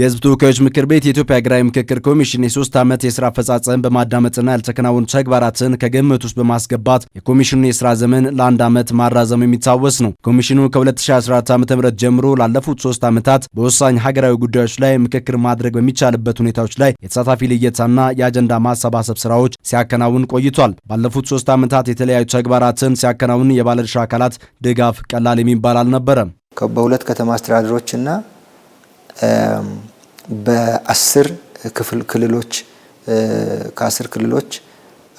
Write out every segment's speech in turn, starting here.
የህዝብ ተወካዮች ምክር ቤት የኢትዮጵያ ሀገራዊ ምክክር ኮሚሽን የሶስት ዓመት የስራ አፈጻጸም በማዳመጥና ያልተከናወኑ ተግባራትን ከግምት ውስጥ በማስገባት የኮሚሽኑን የስራ ዘመን ለአንድ ዓመት ማራዘሙ የሚታወስ ነው። ኮሚሽኑ ከ2014 ዓ ም ጀምሮ ላለፉት ሶስት ዓመታት በወሳኝ ሀገራዊ ጉዳዮች ላይ ምክክር ማድረግ በሚቻልበት ሁኔታዎች ላይ የተሳታፊ ልየታና የአጀንዳ ማሰባሰብ ስራዎች ሲያከናውን ቆይቷል። ባለፉት ሶስት ዓመታት የተለያዩ ተግባራትን ሲያከናውን የባለድርሻ አካላት ድጋፍ ቀላል የሚባል አልነበረም። በሁለት ከተማ አስተዳደሮችና በአስር ክፍል ክልሎች ከአስር ክልሎች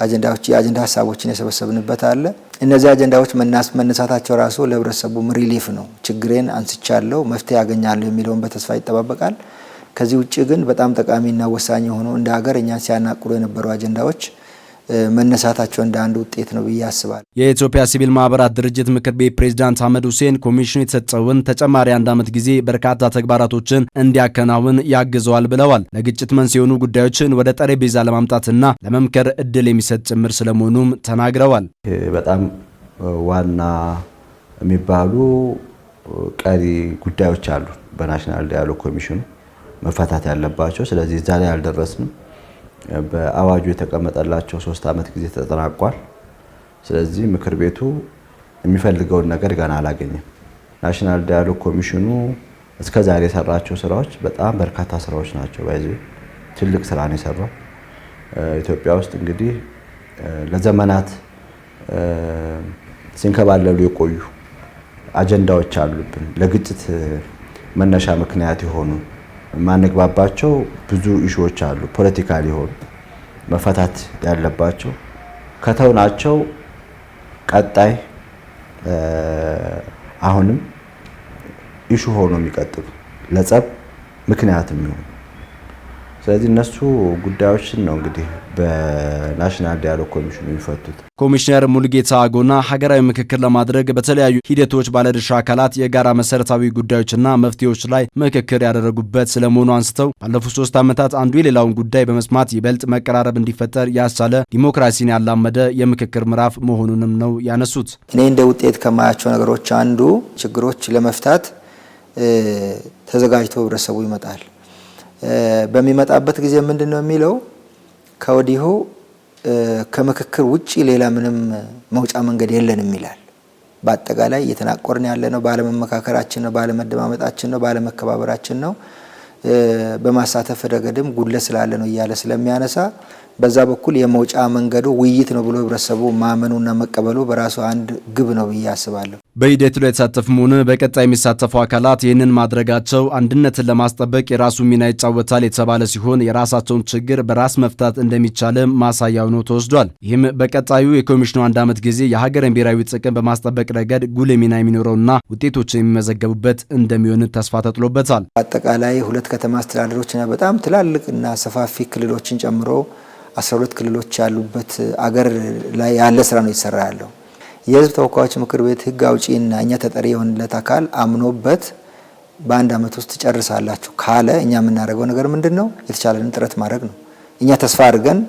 አጀንዳዎች የአጀንዳ ሀሳቦችን የሰበሰብንበት አለ። እነዚህ አጀንዳዎች መነሳታቸው ራሱ ለህብረተሰቡም ሪሊፍ ነው። ችግሬን አንስቻለሁ፣ መፍትሄ ያገኛለሁ የሚለውን በተስፋ ይጠባበቃል። ከዚህ ውጭ ግን በጣም ጠቃሚና ወሳኝ የሆኑ እንደ ሀገር እኛን ሲያናቁሩ የነበሩ አጀንዳዎች መነሳታቸው እንደ አንድ ውጤት ነው ብዬ አስባለሁ። የኢትዮጵያ ሲቪል ማህበራት ድርጅት ምክር ቤት ፕሬዚዳንት አህመድ ሁሴን ኮሚሽኑ የተሰጠውን ተጨማሪ አንድ ዓመት ጊዜ በርካታ ተግባራቶችን እንዲያከናውን ያግዘዋል ብለዋል። ለግጭት መንስኤ የሆኑ ጉዳዮችን ወደ ጠረጴዛ ለማምጣትና ለመምከር እድል የሚሰጥ ጭምር ስለመሆኑም ተናግረዋል። በጣም ዋና የሚባሉ ቀሪ ጉዳዮች አሉ በናሽናል ዲያሎግ ኮሚሽኑ መፈታት ያለባቸው። ስለዚህ እዛ ላይ አልደረስንም። በአዋጁ የተቀመጠላቸው ሶስት ዓመት ጊዜ ተጠናቋል። ስለዚህ ምክር ቤቱ የሚፈልገውን ነገር ገና አላገኘም። ናሽናል ዳያሎግ ኮሚሽኑ እስከ ዛሬ የሰራቸው ስራዎች በጣም በርካታ ስራዎች ናቸው። በዚህ ትልቅ ስራ ነው የሰራው። ኢትዮጵያ ውስጥ እንግዲህ ለዘመናት ሲንከባለሉ የቆዩ አጀንዳዎች አሉብን፣ ለግጭት መነሻ ምክንያት የሆኑ የማንግባባቸው ብዙ ኢሹዎች አሉ። ፖለቲካ ሊሆኑ መፈታት ያለባቸው ከተውናቸው ቀጣይ አሁንም ኢሹ ሆኖ የሚቀጥሉ ለጸብ ምክንያት የሚሆኑ ስለዚህ እነሱ ጉዳዮችን ነው እንግዲህ በናሽናል ዲያሎግ ኮሚሽኑ የሚፈቱት። ኮሚሽነር ሙልጌታ አጎና ሀገራዊ ምክክር ለማድረግ በተለያዩ ሂደቶች ባለድርሻ አካላት የጋራ መሰረታዊ ጉዳዮችና መፍትሄዎች ላይ ምክክር ያደረጉበት ስለመሆኑ አንስተው ባለፉት ሶስት ዓመታት አንዱ የሌላውን ጉዳይ በመስማት ይበልጥ መቀራረብ እንዲፈጠር ያስቻለ ዲሞክራሲን ያላመደ የምክክር ምዕራፍ መሆኑንም ነው ያነሱት። እኔ እንደ ውጤት ከማያቸው ነገሮች አንዱ ችግሮች ለመፍታት ተዘጋጅቶ ህብረተሰቡ ይመጣል። በሚመጣበት ጊዜ ምንድን ነው የሚለው ከወዲሁ ከምክክር ውጭ ሌላ ምንም መውጫ መንገድ የለንም ይላል። በአጠቃላይ እየተናቆርን ያለ ነው ባለመመካከራችን ነው፣ ባለመደማመጣችን ነው፣ ባለመከባበራችን ነው። በማሳተፍ ረገድም ጉድለት ስላለ ነው እያለ ስለሚያነሳ በዛ በኩል የመውጫ መንገዱ ውይይት ነው ብሎ ህብረተሰቡ ማመኑና መቀበሉ በራሱ አንድ ግብ ነው ብዬ አስባለሁ። በሂደቱ ላይ የተሳተፉም ሆነ በቀጣይ የሚሳተፉ አካላት ይህንን ማድረጋቸው አንድነትን ለማስጠበቅ የራሱ ሚና ይጫወታል የተባለ ሲሆን የራሳቸውን ችግር በራስ መፍታት እንደሚቻልም ማሳያ ሆኖ ተወስዷል። ይህም በቀጣዩ የኮሚሽኑ አንድ ዓመት ጊዜ የሀገርን ብሔራዊ ጥቅም በማስጠበቅ ረገድ ጉልህ ሚና የሚኖረውና ውጤቶች የሚመዘገቡበት እንደሚሆን ተስፋ ተጥሎበታል። አጠቃላይ ሁለት ከተማ አስተዳደሮችና በጣም ትላልቅና ሰፋፊ ክልሎችን ጨምሮ አስራ ክልሎች ያሉበት አገር ላይ ያለ ስራ ነው የተሰራ ያለው። የህዝብ ተወካዮች ምክር ቤት ህግ አውጪና እኛ ተጠሪ የሆንለት አካል አምኖበት በአንድ አመት ውስጥ ጨርሳላችሁ ካለ እኛ የምናደርገው ነገር ምንድን ነው? የተቻለንን ጥረት ማድረግ ነው። እኛ ተስፋ አድርገን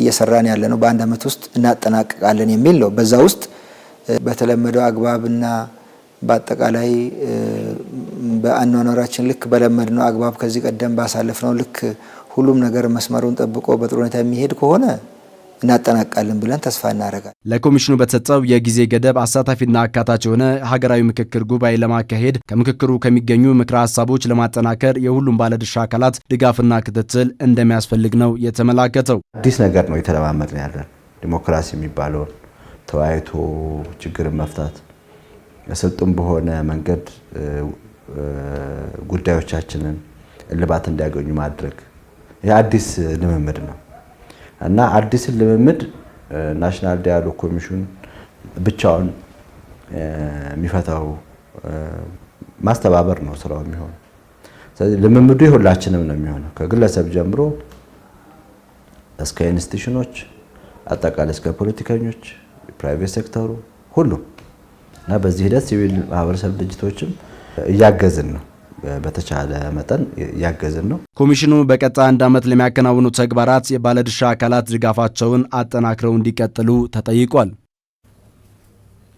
እየሰራን ያለ ነው። በአንድ አመት ውስጥ እናጠናቅቃለን የሚል ነው። በዛ ውስጥ በተለመደው አግባብና በአጠቃላይ በአኗኗራችን ልክ በለመድነው አግባብ ከዚህ ቀደም ባሳለፍነው ልክ ሁሉም ነገር መስመሩን ጠብቆ በጥሩ ሁኔታ የሚሄድ ከሆነ እናጠናቃለን ብለን ተስፋ እናደርጋለን። ለኮሚሽኑ በተሰጠው የጊዜ ገደብ አሳታፊና አካታች የሆነ ሀገራዊ ምክክር ጉባኤ ለማካሄድ ከምክክሩ ከሚገኙ ምክረ ሀሳቦች ለማጠናከር የሁሉም ባለድርሻ አካላት ድጋፍና ክትትል እንደሚያስፈልግ ነው የተመላከተው። አዲስ ነገር ነው የተለማመድን ያለን ዲሞክራሲ የሚባለውን ተወያይቶ ችግርን መፍታት ስልጡን በሆነ መንገድ ጉዳዮቻችንን እልባት እንዲያገኙ ማድረግ የአዲስ ልምምድ ነው እና አዲስን ልምምድ ናሽናል ዳያሎግ ኮሚሽን ብቻውን የሚፈታው ማስተባበር ነው ስራው የሚሆን ስለዚህ ልምምዱ የሁላችንም ነው የሚሆነው ከግለሰብ ጀምሮ እስከ ኢንስቲቱሽኖች፣ አጠቃላይ እስከ ፖለቲከኞች፣ ፕራይቬት ሴክተሩ ሁሉም እና በዚህ ሂደት ሲቪል ማህበረሰብ ድርጅቶችም እያገዝን ነው። በተቻለ መጠን ያገዝን ነው። ኮሚሽኑ በቀጣይ አንድ ዓመት ለሚያከናውኑ ተግባራት የባለድርሻ አካላት ድጋፋቸውን አጠናክረው እንዲቀጥሉ ተጠይቋል።